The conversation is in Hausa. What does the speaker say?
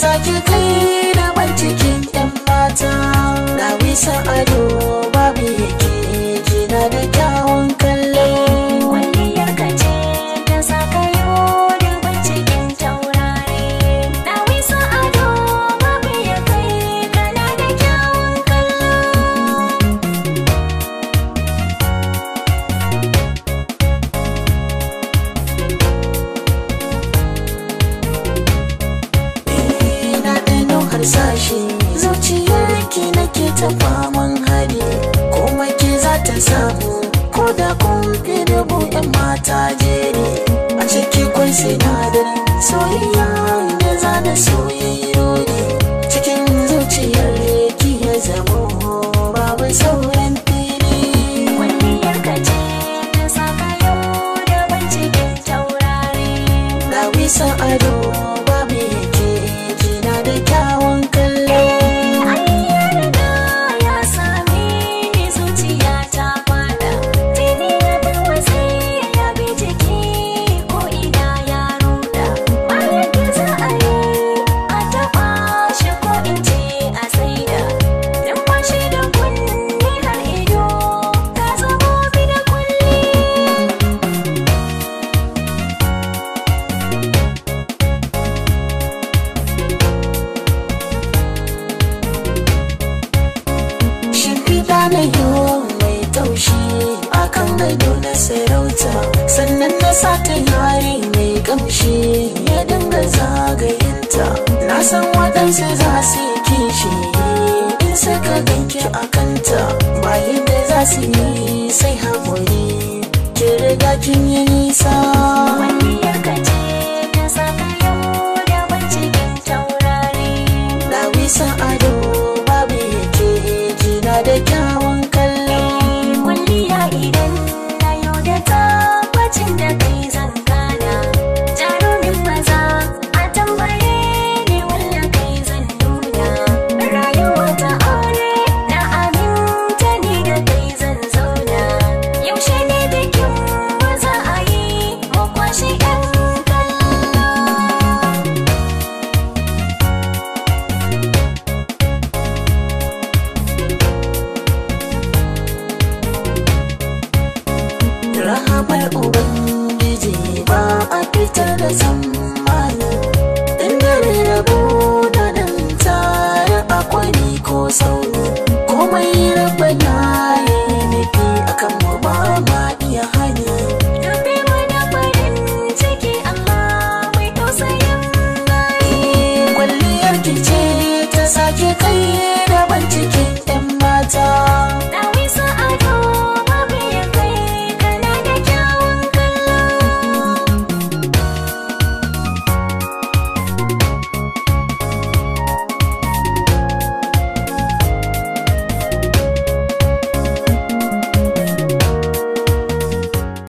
sake kai na ban cikin 'yan mata na wisa ado ba sabo ko da kun fi dubu yan mata jere a ciki kun sinadari soyayya ne za da soyayyo ne cikin zuciyar ki ya zama maido na sarauta sannan na sa ta yare mai kamshi ya dinga zagayenta na san waɗansu za su yi kishi in saka ganki a kanta ba yadda za su yi sai haƙuri ki riga kin yi nisa Sa'adu babu yake jina da ちゃう